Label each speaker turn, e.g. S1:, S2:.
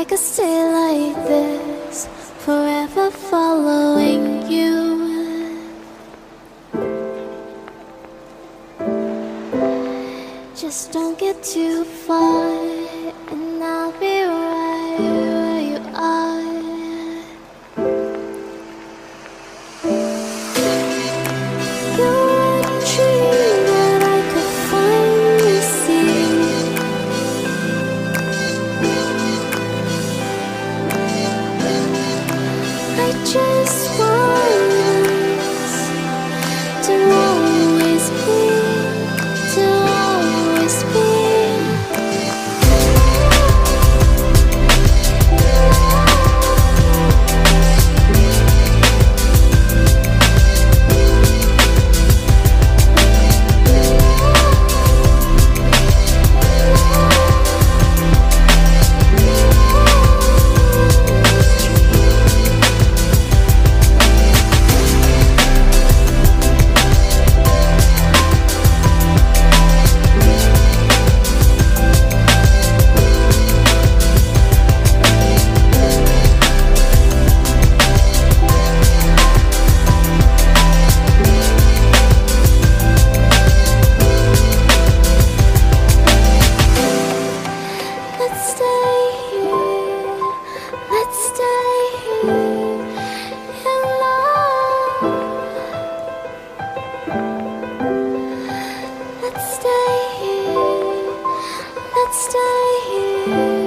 S1: I could stay like this, forever following you. Just don't get too far.
S2: I just want you. Thank you.